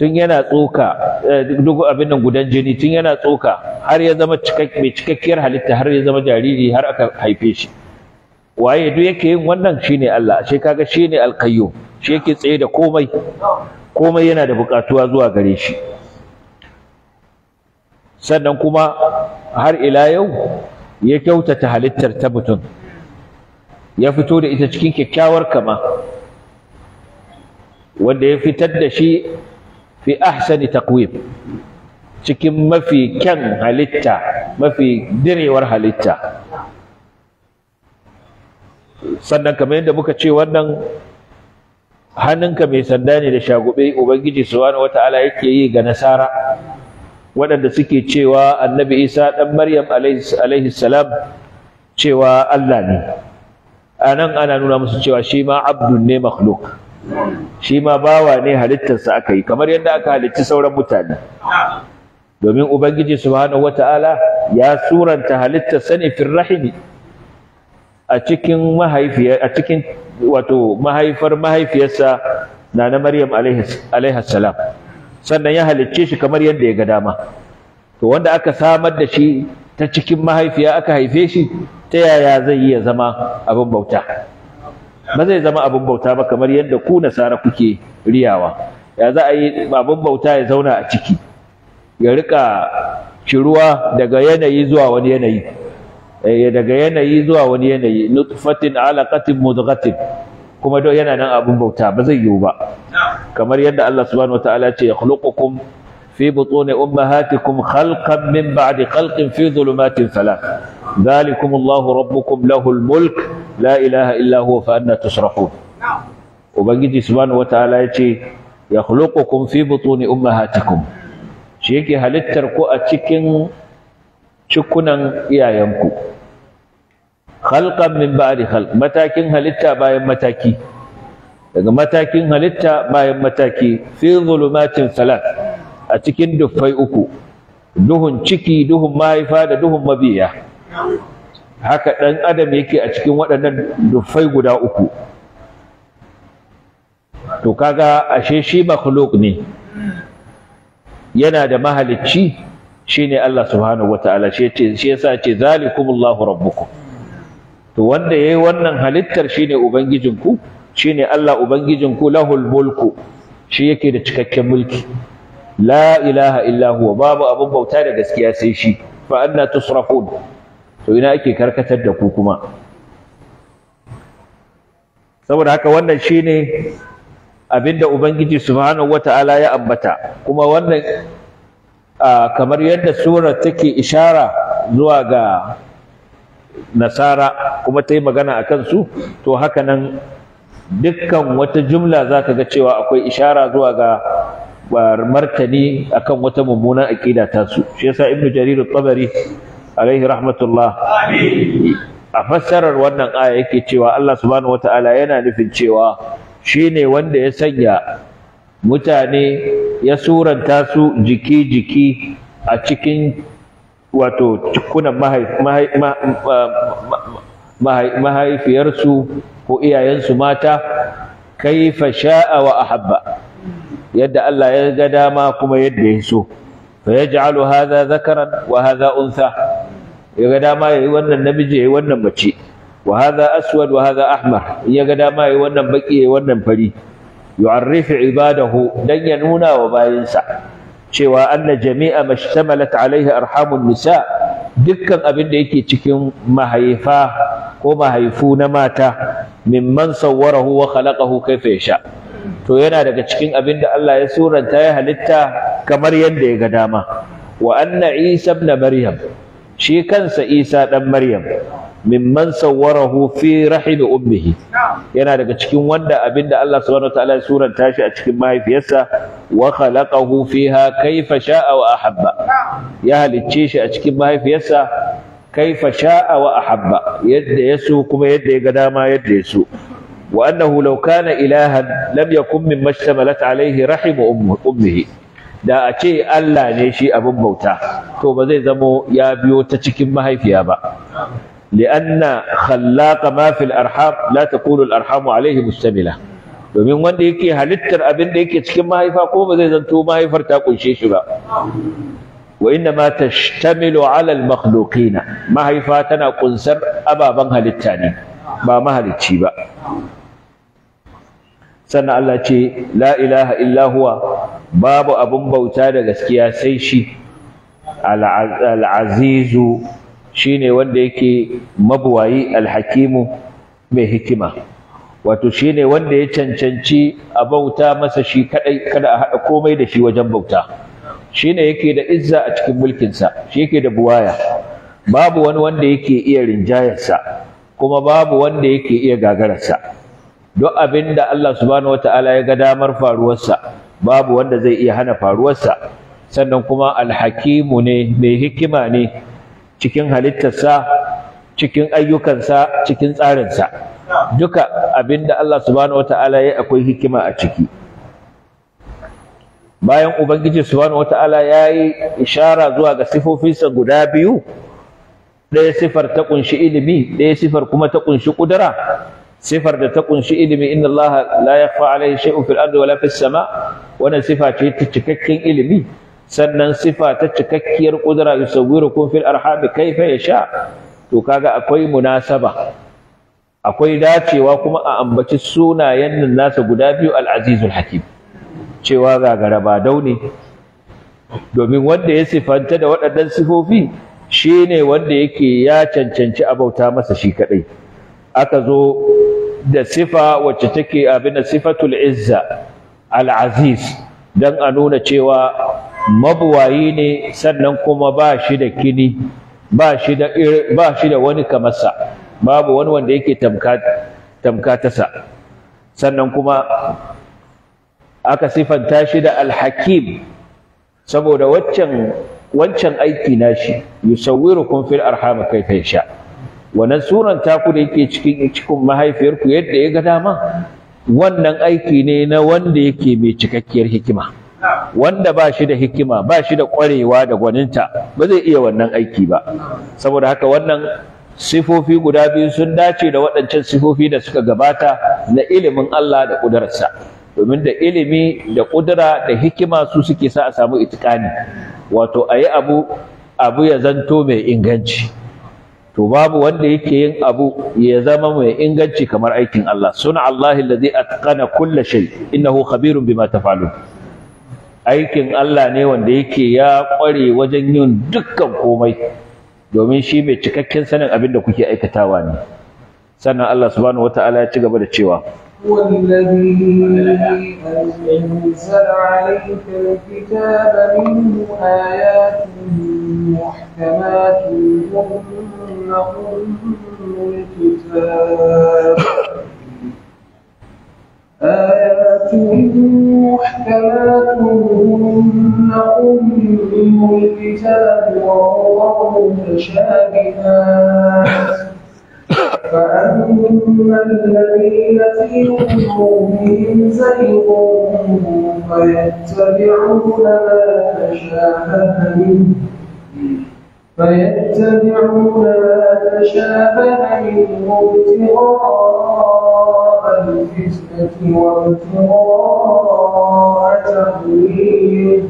tun yana tsoka eh, duk abin nan gudan jini tun yana tsoka har ya zama mai cikakkiyar halitta har ya zama jariri har aka haife shi waye duk yake yin wannan shine Allah shi kaga shine alqayyum shi yake tsaye da komai komai yana da bukatuwa zuwa gare shi sannan kuma har ila yau ya kyautata halittar ta mutum ya fito da ita cikin kyakkyawar kama wanda ya fitar da shi fi ahsani taqwim cikin mafi kyan halitta mafi direwar halitta sannan kamar yadda muka ce wannan hannunka mai sanda ne da shagube ubangiji subhanahu wataala yake yi ga nasara waɗanda suke cewa annabi isa ɗan maryam alaihi salam cewa allah ne a nan ana nuna musu cewa shi ma abdun ne makhluk shi ma bawa ne halittarsa aka yi kamar yadda aka halicci sauran mutane domin ubangiji subhanahu wata'ala ya suranta halittar sani fil rahimi a cikin mahaifiya a cikin wato mahaifar mahaifiyarsa na na maryam alaihi salam sannan ya halicce shi kamar yadda ya ga dama to wanda aka samar da shi ta cikin mahaifiya aka haife shi ta yaya zai iya zama abin bauta ba zai zama abin bauta ba kamar yadda ku nasara kuke riyawa ya za a yi abin bauta ya zauna a ciki ya rika ciruwa daga yanayi zuwa wani yanayi eh, daga yanayi zuwa wani yanayi nutfatin alaqatin mudghatin kuma yana nan abin bauta ba zai yiwu ba kamar yadda Allah subhanahu wataala ya ce yakhluqukum في بطون أمهاتكم خلقا من بعد خلق في ظلمات ثلاث ذلكم الله ربكم له الملك لا إله إلا هو فأنا تصرفون وبنجي سبحانه وتعالى يخلقكم في بطون أمهاتكم شيكي هل التركو أتكن شكنا إيايانكم خلقا من بعد خلق متاكين هل التابا متاكي daga matakin halitta bayan mataki fi zulumatin salat a cikin dufai uku duhun ciki duhun mahaifa da duhun mabiya haka ɗan adam yake a cikin waɗannan dufai guda uku to kaga ashe shi makhluk ne yana da mahalicci shine Allah subhanahu wataala shi yace shi yasa ce zalikumullahu rabbukum to wanda yayi wannan halittar shine ubangijinku shine Allah ubangijinku lahul mulku shi yake da cikakken mulki la ilaha illa huwa babu abin bauta da gaskiya sai shi fa anna tusrafun to ina ake karkatar da ku kuma saboda haka wannan shine abinda ubangiji subhanahu wataala ya ambata kuma wannan kamar yadda surar take ishara zuwa ga nasara kuma ta yi magana a kansu to haka nan dukkan wata jumla za ka ga cewa akwai ishara zuwa ga martani akan wata mummunan aqida ta su shi yasa ibnu jarir at-tabari alaihi rahmatullah a fassarar wannan aya yake cewa Allah subhanahu wataala yana nufin cewa shine wanda ya sanya mutane ya suranta su jiki jiki a cikin wato cikunan mahaifiyarsu ko iyayensu mata kaifa sha'a wa ahabba yadda Allah ya ga dama kuma yadda ya so fa yaj'alu hadha dhakaran wa hadha untha ya ga dama yayi wannan namiji yayi wannan mace wa hadha aswad wa hadha ahmar ya ga dama yayi wannan baki yayi wannan fari yu'arrifu ibadahu dan ya nuna wa bayinsa cewa anna jami'a mashtamalat alaihi arhamun nisa dukkan abin da yake cikin mahaifa ko mahaifu na mata mimman sawwarahu wa khalaqahu kaifa yasha' to yana daga cikin abin da Allah ya suranta ya halitta kamar yadda ya ga dama wa anna isa ibn maryam shi kansa isa dan maryam mimman sawwarahu fi rahimi ummihi yana daga cikin wanda abin da Allah subhanahu ta'ala ya suranta shi a cikin mahaifiyarsa wa khalaqahu fiha kaifa sha'a wa ahabba ya halicce shi a cikin mahaifiyarsa kaifa sha'a wa ahabba yadda ya so kuma yadda ya ga dama yadda ya so وأنه لو كان إلها لم يكن مما اشتملت عليه رحم أمه da a ce Allah ne shi abin bauta to ba zai zamo ya biyo ta cikin mahaifiya ba li'anna khallaqa ma fil arham la taqulu al arhamu alaihi mustamila domin wanda yake halittar abinda da yake cikin mahaifa ko ba zai zanto mahaifar ta kunshe shi ba wa inna ma tashtamilu ala al makhluqina mahaifa tana kunsar ababan halitta ne ba mahalicci ba sannan Allah ce la ilaha illa huwa babu abun bauta da gaskiya sai shi al-azizu shine wanda yake mabuwayi al-hakimu mai hikima wato shine wanda ya cancanci a bauta masa shi kaɗai kada a haɗa komai da shi wajen bauta shine yake da izza a cikin mulkinsa shi yake da buwaya babu wani wanda yake iya rinjayarsa kuma babu wanda yake iya gagararsa duk abin da Allah subhanahu wataala ya ga damar faruwarsa babu wanda zai iya hana faruwarsa sannan kuma alhakimu ne mai hikima ne cikin halittarsa cikin ayyukansa cikin tsarinsa duka abin da Allah subhanahu wataala ya akwai hikima a ciki bayan ubangiji subhanahu wataala ya yi ishara zuwa ga sifofinsa guda biyu ɗaya sifar ta kunshi ilimi ɗaya sifar kuma ta kunshi ƙudura sifar da ta kunshi ilimi inna Allah la yakhfa alaihi shay'un fil ardi wala fis sama sifa ce ta cikakken ilimi sannan sifa ta cikakkiyar kudura yusawwirukum fil arham kayfa yasha to kaga akwai munasaba akwai dacewa kuma a ambaci sunayen nan nasa guda biyu al-azizul hakim cewa gagara ba daune domin wanda ya sifanta da waɗannan sifofi shine wanda yake ya cancanci abauta masa shi kadai aka zo da sifa wacce take abin da sifatul izza al-aziz dan a nuna cewa mabuwayi ne sannan kuma ba shi da kini ba shi da ba shi da wani kamarsa babu wani wanda yake tamka tamka sa sannan kuma aka sifanta shi da al-hakim saboda waccan wancan aiki nashi yusawwirukum fil arham kayfa yasha' wannan suran taku da yake cikin cikin mahaifiyarku yadda ya ga dama wannan aiki ne na wanda yake mai cikakkiyar hikima wanda ba shi da hikima ba shi da ƙwarewa da gwaninta ba zai iya wannan aiki ba saboda haka wannan sifofi guda biyu sun dace da waɗancan sifofi da suka gabata na ilimin Allah da ƙudurarsa domin da ilimi da ƙudura da hikima su suke sa a samu itikani wato a yi abu abu ya zanto mai inganci to babu wanda yake yin abu ya zama mai inganci kamar aikin Allah suna Allahi allazi atqana kulla shay innahu khabirun bima taf'alun aikin Allah ne wanda yake ya kware wajen yin dukkan komai domin shi mai cikakken sanin abin da kuke aikatawa ne sannan Allah subhanahu wataala ya ci gaba da cewa
والذي أنزل عليك الكتاب منه آيات محكمات هن وأم الكتاب آيات محكمات هن أم الكتاب والله متشابهات فأما الذين في قلوبهم زيغ فيتبعون ما تشابه منه فيتبعون ما تشابه منه ابتغاء الفتنة وابتغاء تأويله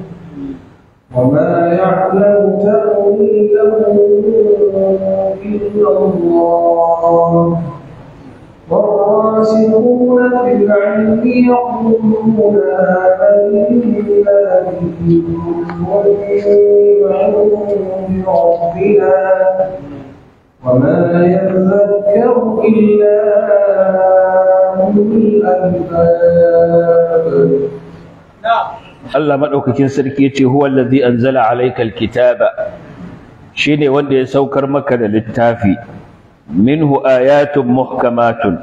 وما يعلم تأويله إلا الله والراسخون في العلم يقولون آمنا به ومن ربنا وما يذكر إلا أولو الألباب
Allah maɗaukakin sarki ya ce huwa allazi anzala alaikal kitaba shine wanda ya saukar maka da littafi minhu ayatun muhkamatun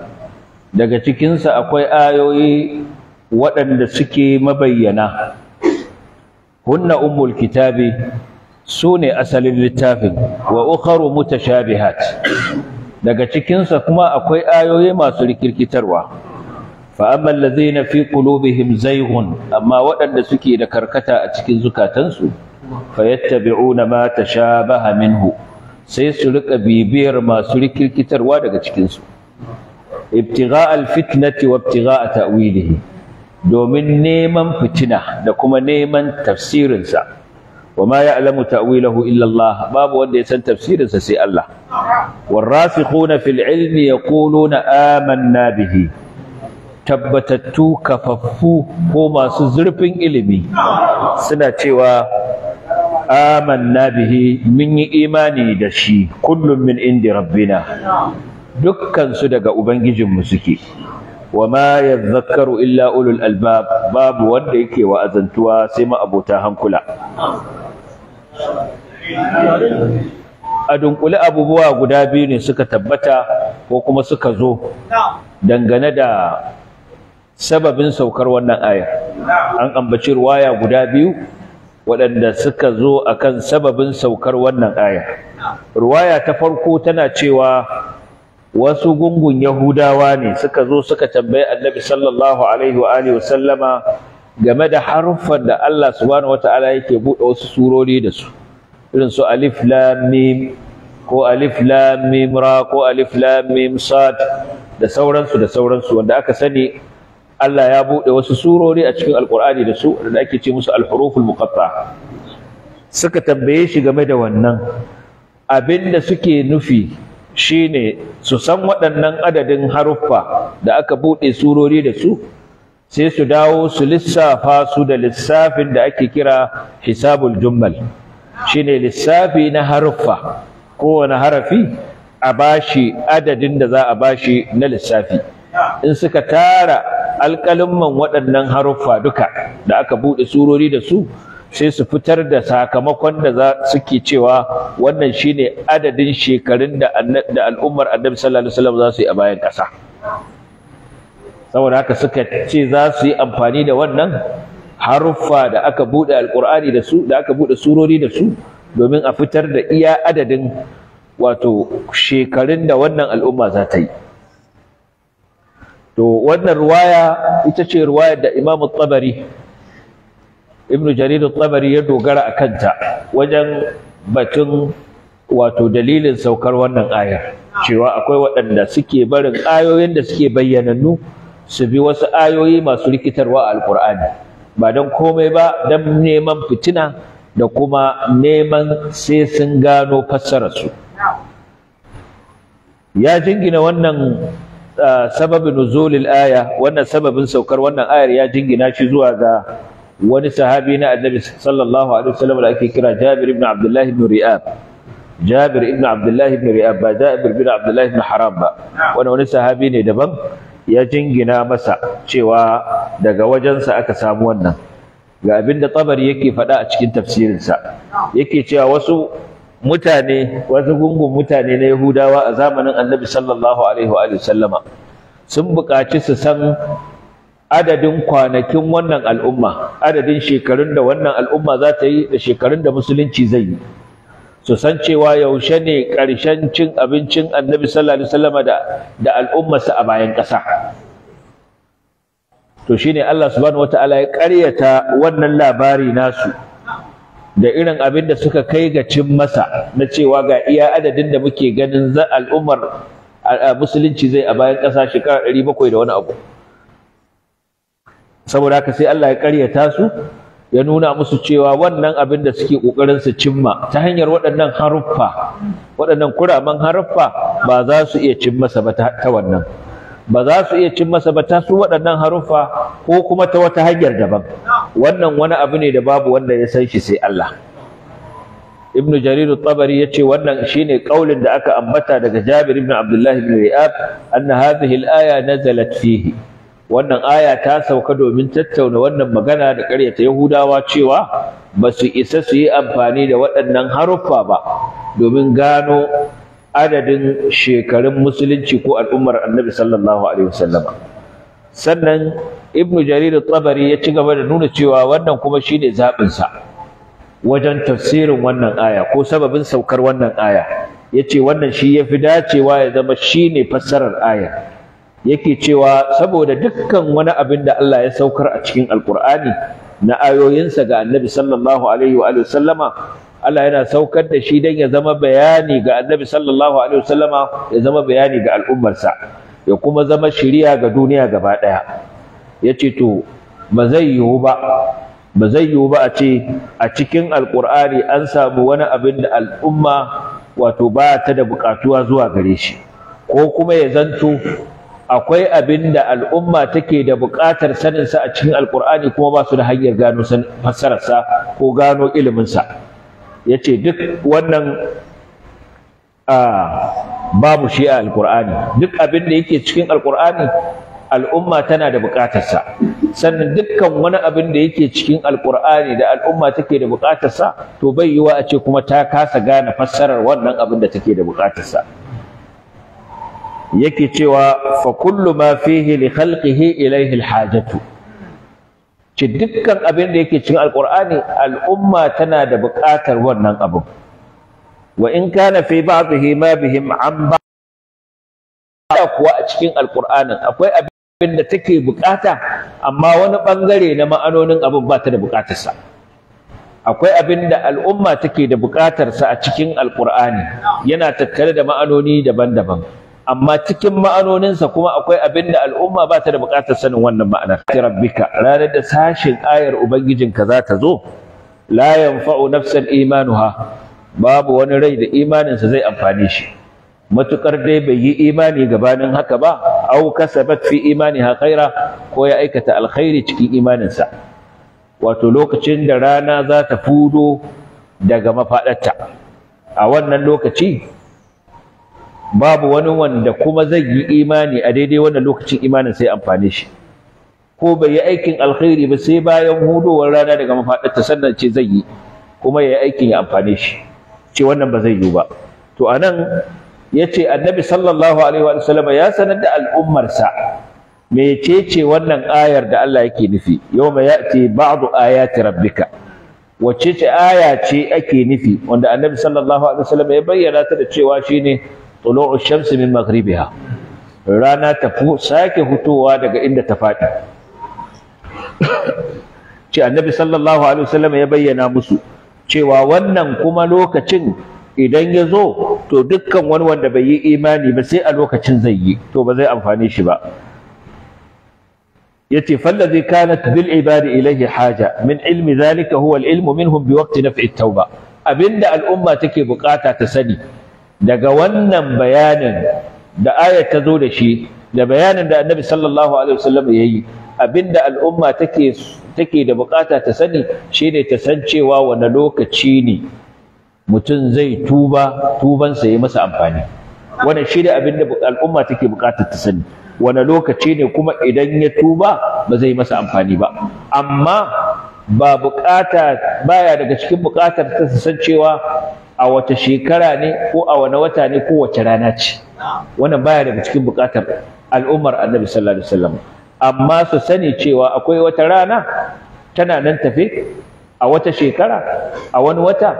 daga cikinsa akwai ayoyi waɗanda suke mabayyana hunna ummul kitabi su ne asalin littafin wa ukharu mutashabihat daga cikinsa kuma akwai ayoyi masu rikirkitarwa fa'amman lazina fi ƙulubihim zaihun amma waɗanda suke da karkata a cikin zukatansu fa ma ta mata baha minhu sai su rika bibiyar masu rikirkitarwa daga cikinsu ibtigha alfitnati wa ibtigha ta'wilihi domin neman fitina da kuma neman tafsirinsa wa ma alamu ta'wilahu illallah babu wanda ya san tafsirinsa sai Allah warasikhuna fil ilmi yaquluna amanna bihi tabbatattu kafaffu ko masu zurfin ilimi suna cewa amanna bihi mun yi imani da shi kullum min indi rabbina dukkan su daga ubangijinmu suke wa ma yadhakkaru illa ulul albab babu wanda yake azantuwa sai ma abota hankula a dunkule abubuwa guda biyu ne suka tabbata ko kuma suka zo dangane da sababin saukar wannan ayar an ambaci ruwaya guda biyu waɗanda suka zo akan sababin saukar wannan aya ruwaya ta farko tana cewa wasu gungun yahudawa ne suka zo suka tambayi annabi sallallahu alaihi wa alihi game da haruffan da Allah subhanahu wataala yake buɗe wasu surori da su irin su alif lam mim ko alif lam mim ra ko alif lam mim sad da sauransu da sauransu wanda aka sani Allah ya buɗe wasu surori a cikin alkur'ani da su da ake ce musu alhuruful muqatta suka tambaye shi game da wannan abinda suke nufi shine su san waɗannan adadin haruffa da aka buɗe surori da su sai su dawo su lissafa su da lissafin da ake kira hisabul jummal shine lissafi na haruffa kowane harafi a bashi adadin da za a bashi na lissafi in suka tara alƙalimman waɗannan haruffa duka da aka buɗe surori da su sai su fitar da sakamakon da za suke cewa wannan shine adadin shekarun da al'ummar annabi sallallahu alaihi wasallam za su yi a bayan ƙasa saboda haka suka ce za su yi amfani da wannan haruffa da aka buɗe alƙur'ani da su da aka buɗe surori da su domin a fitar da iya adadin wato shekarun da wannan al'umma za ta yi to wannan ruwaya ita ce ruwayar da Imamu Tabari Ibn Jarir Tabari ya dogara a kanta wajen batun wato dalilin saukar wannan ayar cewa akwai waɗanda suke barin ayoyin da suke bayyanannu su bi wasu ayoyi masu rikitarwa a Alƙur'ani, ba don komai ba don neman fitina da kuma neman sai sun gano fassararsu ya jingina wannan sababin nuzulil aya wannan sababin saukar wannan ayar ya jingina shi zuwa ga wani sahabi na annabi sallallahu alaihi wasallam da ake kira Jabir ibn Abdullah ibn Ri'ab Jabir ibn Abdullah ibn Ri'ab ba Jabir ibn Abdullah ibn Haram ba wani wani sahabi ne daban ya jingina masa cewa daga wajensa aka samu wannan ga abinda da tabari yake faɗa a cikin tafsirinsa yake cewa wasu mutane wasu gungun mutane na yahudawa a zamanin annabi sallallahu alaihi wa sallama sun buƙaci su san adadin kwanakin wannan al'umma adadin shekarun da wannan al'umma za ta yi da shekarun da musulunci zai yi su san cewa yaushe ne ƙarshen cin abincin annabi sallallahu alaihi sallama da da al'ummarsa a bayan ƙasa to shine Allah subhanahu wataala ya ƙaryata wannan labari nasu da irin abin da suka kai ga cin masa na cewa ga iya adadin da muke ganin za al'ummar musulunci zai a bayan ƙasa shekara ɗari bakwai da wani abu saboda haka sai Allah ya karyata su ya nuna musu cewa wannan abin da suke ƙoƙarin su cimma ta hanyar waɗannan haruffa waɗannan kuraman haruffa ba za su iya cimmasa ba ta wannan ba za su iya cin masa ba ta su waɗannan haruffa ko kuma ta wata hanyar daban wannan wani abu ne da babu wanda ya san shi sai Allah ibn jarir tabari yace wannan shine kaulin da aka ambata daga jabir ibn abdullah ibn ri'ab anna hadhihi al-aya nazalat fihi wannan aya ta sauka domin tattauna wannan magana da karyata yahudawa cewa ba su isa su yi amfani da waɗannan haruffa ba domin gano adadin shekarun musulunci ko al'ummar annabi sallallahu alaihi wasallam sannan ibnu jarir tabari ya ci gaba da nuna cewa wannan kuma shine zabin sa wajen tafsirin wannan aya ko sababin saukar wannan aya yace wannan shi yafi dacewa ya zama shine fassarar aya yake cewa saboda dukkan wani abin da Allah ya saukar a cikin alqur'ani na ayoyinsa ga annabi sallallahu alaihi wa sallama Allah yana saukar da shi don ya zama bayani ga annabi sallallahu alaihi wasallama ya zama bayani ga al'ummarsa ya kuma zama shiriya ga duniya gaba ɗaya ya ce to ba zai yiwu ba ba zai yiwu ba a ce a cikin alƙur'ani an samu wani abin da al'umma wato ba ta da buƙatuwa zuwa gare shi ko kuma ya zanto akwai abin da al'umma take da buƙatar saninsa a cikin alƙur'ani kuma ba su da hanyar gano fassararsa ko gano iliminsa ya ce duk wannan babu shi a alkur'ani duk abin da yake cikin alkur'ani al'umma tana da buƙatarsa sannan dukkan wani abin da yake cikin alkur'ani da al'umma take da buƙatarsa to bai yiwa a ce kuma ta kasa gane fassarar wannan abin da take da buƙatarsa yake cewa fa kullu ma fihi li khalqihi ilayhi al-hajatu ci dukkan abin da yake cikin alqur'ani al'umma tana da buƙatar wannan abin wa in kana fi ba'dihi ma bihim an ba kuwa a cikin alqur'anin akwai abin da take buƙata amma wani bangare na ma'anonin abin ba ta da buƙatarsa akwai abin da al'umma take da buƙatarsa a cikin alqur'ani yana tattare da ma'anoni daban-daban amma cikin ma'anoninsa kuma akwai abin da al'umma ba ta da buƙatar sanin wannan ma'anar rabbika ranar da sashin ayar ubangijinka za ta zo la yanfa'u nafsan imanuha babu wani rai da imaninsa zai amfani shi matukar dai bai yi imani gabanin haka ba au kasabat fi imaniha khaira ko ya aikata alkhairi cikin imaninsa wato lokacin da rana za ta fudo daga mafaɗarta a wannan lokaci babu wani wanda kuma zai yi imani a daidai wannan lokacin imanin sai amfane shi ko bai yi aikin alkhairi ba sai bayan hudowar rana daga mafaɗarta sannan ce zai yi kuma ya yi aikin ya amfane shi ce wannan ba zai yiwu ba to anan ya ce annabi sallallahu alaihi wa sallam ya sanar da al'ummarsa mecece wannan ayar da Allah yake nufi yau ma ya'ti ba'du ayati rabbika wacce ce aya ce ake nufi wanda annabi sallallahu alaihi wa sallam ya bayyana ta da cewa shine tulu'u shamsi min maghribiha rana ta sake hutowa daga inda ta faɗi ce annabi sallallahu alaihi wasallam ya bayyana musu cewa wannan kuma lokacin idan ya zo to dukkan wani wanda bai yi imani ba sai a lokacin zai yi to ba zai amfane shi ba yace fallazi kanat bil ibadi ilayhi haja min ilmi zalika huwa al ilmu minhum bi waqti naf'i ba. abinda al'umma take bukata ta sani daga wannan bayanin da ayat ta zo da shi da bayanin da annabi sallallahu alaihi wasallam ya yi abinda al'umma take take da bukata ta sani shine ta san cewa wani lokaci ne mutum zai tuba tubansa ya masa amfani wannan shine abinda al'umma take bukata ta sani wani lokaci ne kuma idan ya tuba ba zai masa amfani ba amma ba bukata baya daga cikin bukatar ta san cewa a wata shekara ne ko a wani wata ne ko wace rana ce wannan baya daga cikin bukatar al'ummar annabi sallallahu alaihi wasallam amma su sani cewa akwai wata rana tana nan tafe a wata shekara a wani wata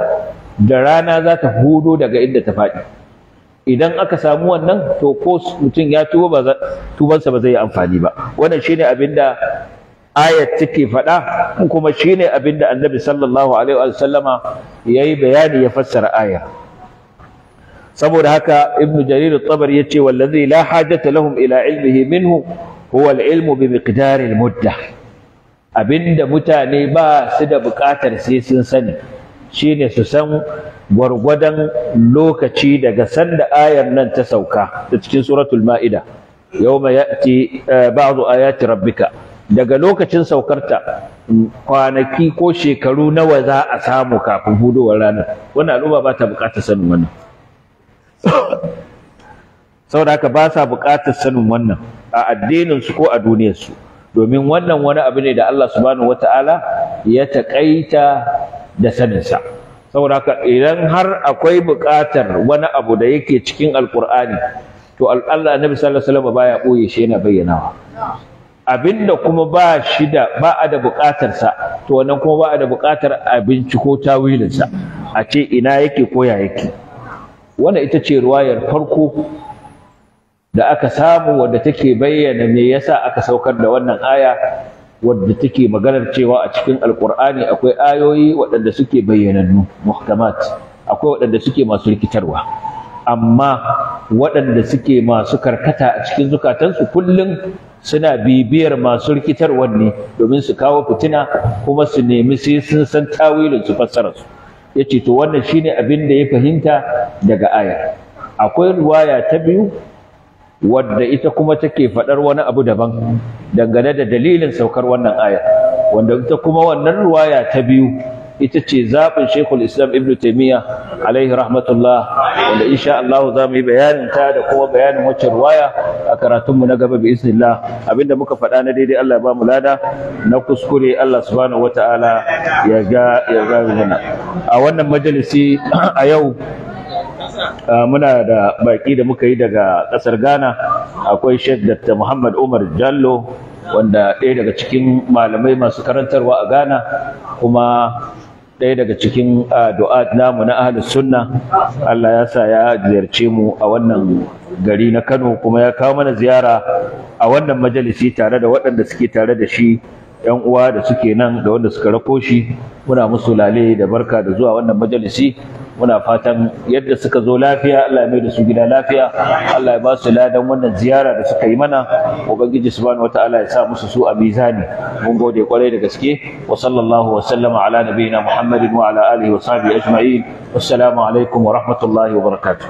da rana za ta hudo daga inda ta faɗi idan aka samu wannan to ko mutum ya tuba ba tubansa ba zai yi amfani ba wannan shine abinda ayat take faɗa kuma shine abinda annabi sallallahu alaihi wa sallama yayi bayani ya fassara aya saboda haka ibnu jarir at-tabari yace wallazi la hajata lahum ila ilmihi minhu huwa al-ilmu bi miqdari al-mudda abinda mutane ba su da bukatar sai sun sani shine su san gwargwadon lokaci daga sanda ayar nan ta sauka ta cikin suratul ma'ida yawma ya'ti eh, ba'du ayati rabbika daga lokacin saukarta kwanaki ko shekaru nawa za a samu kafin hudowar ranar wannan al'umma ba ta buƙatar sanin wannan saboda haka ba sa buƙatar sanin wannan a addinin su ko a duniyar su domin wannan wani abu ne da Allah subhanahu wata'ala ya taƙaita da saninsa saboda haka idan har akwai buƙatar wani abu da yake cikin alkur'ani to Allah annabi sallallahu alaihi wasallam baya ɓoye shi yana bayyanawa abinda kuma ba shi da ba a da buƙatarsa to wannan kuma ba a da buƙatar abinci ko tawilinsa a ce ina yake ko ya yake wannan ita ce ruwayar farko da aka samu wadda take bayyana me yasa aka saukar da wannan aya wadda take maganar cewa a cikin alkur'ani akwai ayoyi waɗanda suke bayyanannu muhkamat akwai waɗanda suke masu rikitarwa amma waɗanda suke masu karkata a cikin zukatansu kullum suna bibiyar masu rikitarwar ne domin su kawo fitina kuma su nemi sai sun san tawilin su fassara su yace to wannan shine abin da ya fahimta daga aya akwai ruwaya ta biyu wadda ita kuma take faɗar wani abu daban dangane da dalilin saukar wannan aya wanda ita kuma wannan ruwaya ta biyu ita ce zaɓin shekul islam ibn taimiyya alaihi rahmatullah wanda insha Allah za mu yi bayanin ta da kuma bayanin wacce ruwaya a karatunmu na gaba bi iznillah abinda muka faɗa na daidai Allah ba mu lada na kuskure Allah subhanahu wataala ya ga ya ga mana a wannan majalisi a yau muna da baƙi da muka yi daga ƙasar Ghana akwai Sheikh Dr. Muhammad Umar Jallo wanda ɗaya daga cikin malamai masu karantarwa a Ghana kuma ɗaya daga cikin ah, du'a namu na ahlus sunna Allah ya sa ya ziyarce mu a wannan gari na Kano kuma ya kawo mana ziyara a wannan majalisi tare da waɗanda suke tare da shi yan uwa da suke nan da wanda suka rako shi muna musu lale da barka da zuwa wannan majalisi muna fatan yadda suka zo lafiya Allah ya mai da su gida lafiya Allah ya ba su ladan wannan ziyara da suka yi mana ubangiji subhanahu wataala ya sa musu su a mizani mun gode kwarai da gaske wa sallallahu wa sallama ala nabiyina muhammadin wa ala alihi wa sahbihi ajma'in assalamu alaikum wa rahmatullahi wa barakatuh